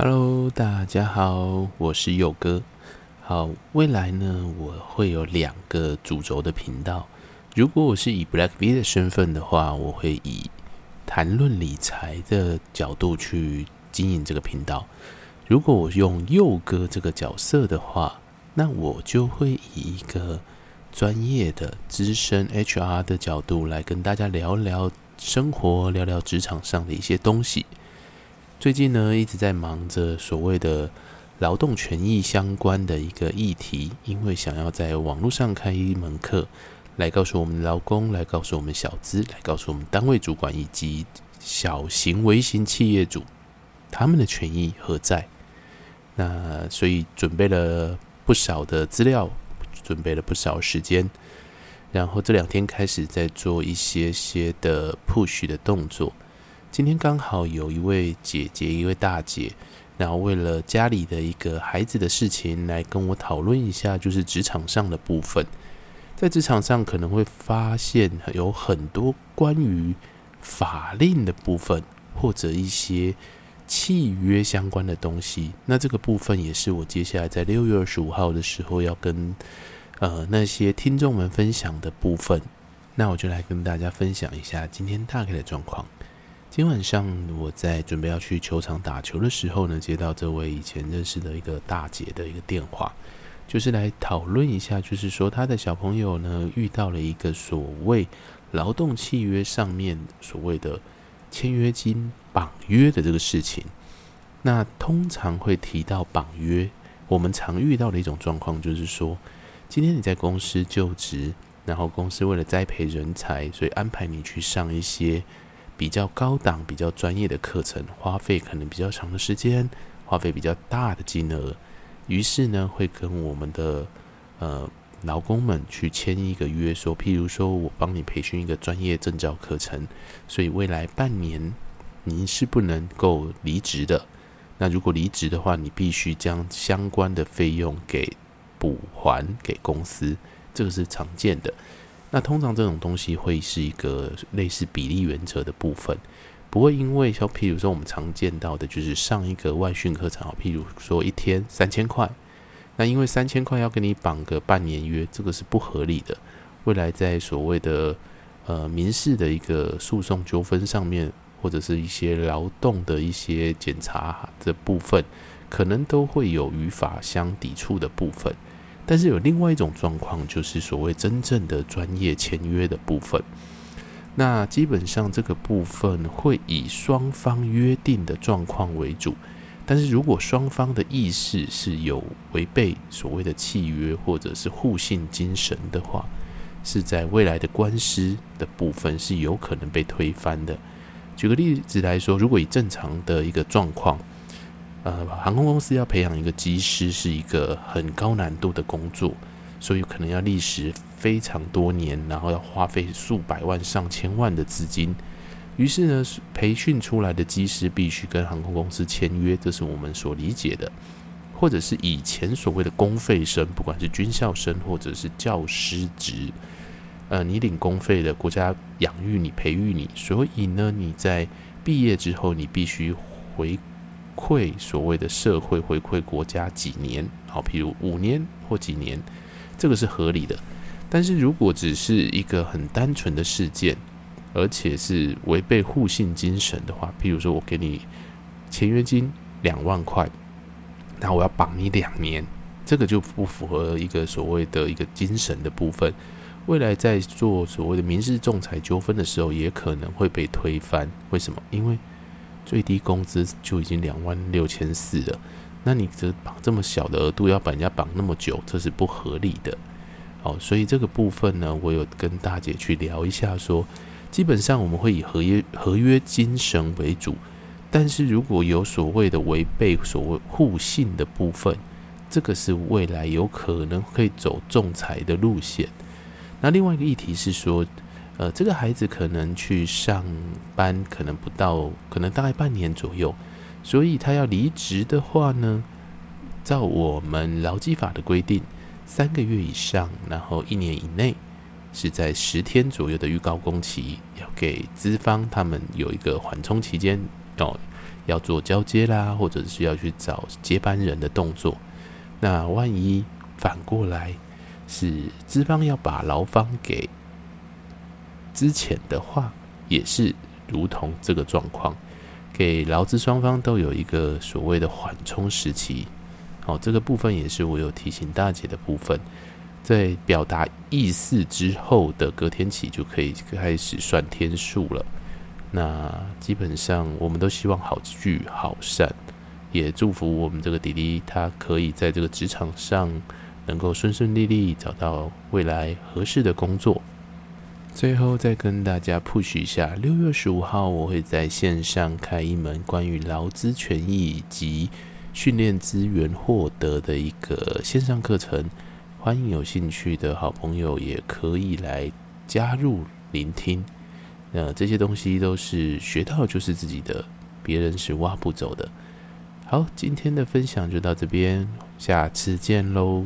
Hello，大家好，我是佑哥。好，未來呢，我會有兩個主軸的頻道。如果我是以 Black V 的身份的話，我會以談論理財的角度去經營這個頻道。如果我用佑哥這個角色的話，那我就會以一個專業的資深 HR 的角度來跟大家聊聊生活，聊聊職場上的一些東西。最近呢，一直在忙着所謂的勞動權益相關的一個議題，因為想要在網絡上開一門課，來告訴我們勞工，來告訴我們小資，來告訴我們單位主管以及小型微型企業主，他們的權益何在？那所以準備了不少的資料，準備了不少時間，然後這兩天開始在做一些些的 push 的動作。今天剛好有一位姐姐，一位大姐，然後為了家裡的一個孩子的事情來跟我討論一下，就是職場上的部分。在職場上可能會發現有很多關於法令的部分，或者一些契約相關的東西。那這個部分也是我接下來在六月二十五號的時候要跟呃那些聽眾們分享的部分。那我就來跟大家分享一下今天大概的狀況。今天晚上我在準備要去球場打球的時候呢，接到這位以前認識的一個大姐的一個電話，就是來討論一下，就是說他的小朋友呢遇到了一個所謂勞動契約上面所謂的簽約金綁約的這個事情。那通常會提到綁約，我們常遇到的一種狀況就是說，今天你在公司就職，然後公司為了栽培人才，所以安排你去上一些。比較高檔、比較專業的課程，花費可能比較長的時間，花費比較大的金額。於是呢，會跟我們的呃勞工們去簽一個約，說，譬如說我幫你培訓一個專業證照課程，所以未來半年你是不能夠離職的。那如果離職的話，你必須將相關的費用給補還給公司，這個是常見的。那通常這種東西會是一個類似比例原則的部分，不會因為像，譬如說我們常見到的，就是上一個外訓課程，好，譬如說一天三千塊，那因為三千塊要給你綁個半年約，這個是不合理的。未來在所謂的呃民事的一個訴訟糾紛上面，或者是一些勞動的一些檢查的部分，可能都會有與法相抵觸的部分。但是有另外一種狀況，就是所謂真正的專業簽約的部分。那基本上這個部分會以雙方約定的狀況為主。但是如果雙方的意識是有違背所謂的契約或者是互信精神的話，是在未來的官司的部分是有可能被推翻的。舉個例子來說，如果以正常的一個狀況。呃，航空公司要培養一個機師是一個很高難度的工作，所以可能要歷時非常多年，然後要花費數百萬上千萬的資金。於是呢，培訓出來的機師必須跟航空公司簽約，這是我們所理解的。或者是以前所謂的公費生，不管是軍校生或者是教師職，呃，你領公費的，國家養育你、培育你，所以呢，你在畢業之後，你必須回。饋所謂的社會回饋國家幾年，好，譬如五年或幾年，這個是合理的。但是如果只是一個很單純的事件，而且是違背互信精神的話，譬如說我給你簽約金兩萬塊，那我要綁你兩年，這個就不符合一個所謂的一個精神的部分。未來在做所謂的民事仲裁糾紛的時候，也可能會被推翻。為什麼？因為。最低工資就已經兩萬六千四了，那你這綁這麼小的額度，要把人家綁那麼久，這是不合理的。好，所以這個部分呢，我有跟大姐去聊一下說，說基本上我們會以合約合約精神為主，但是如果有所謂的違背所謂互信的部分，這個是未來有可能可以走仲裁的路線。那另外一個議題是說。呃，這個孩子可能去上班，可能不到，可能大概半年左右，所以他要離職的話呢，照我們勞基法的規定，三個月以上，然後一年以內，是在十天左右的預告工期，要給資方他們有一個緩衝期間，哦，要做交接啦，或者是要去找接班人的動作。那萬一反過來是資方要把勞方給。之前的話也是如同這個狀況，給勞資雙方都有一個所謂的緩衝時期。好，這個部分也是我有提醒大姐的部分，在表達意思之後的隔天起就可以開始算天數了。那基本上我們都希望好聚好散，也祝福我們這個弟弟他可以在這個職場上能夠順順利利找到未來合適的工作。最後再跟大家 push 一下，六月十五號我會在線上開一門關於勞資權益以及訓練資源獲得的一個線上課程，歡迎有興趣的好朋友也可以來加入聆聽。那這些東西都是學到就是自己的，別人是挖不走的。好，今天的分享就到這邊，下次見嘍。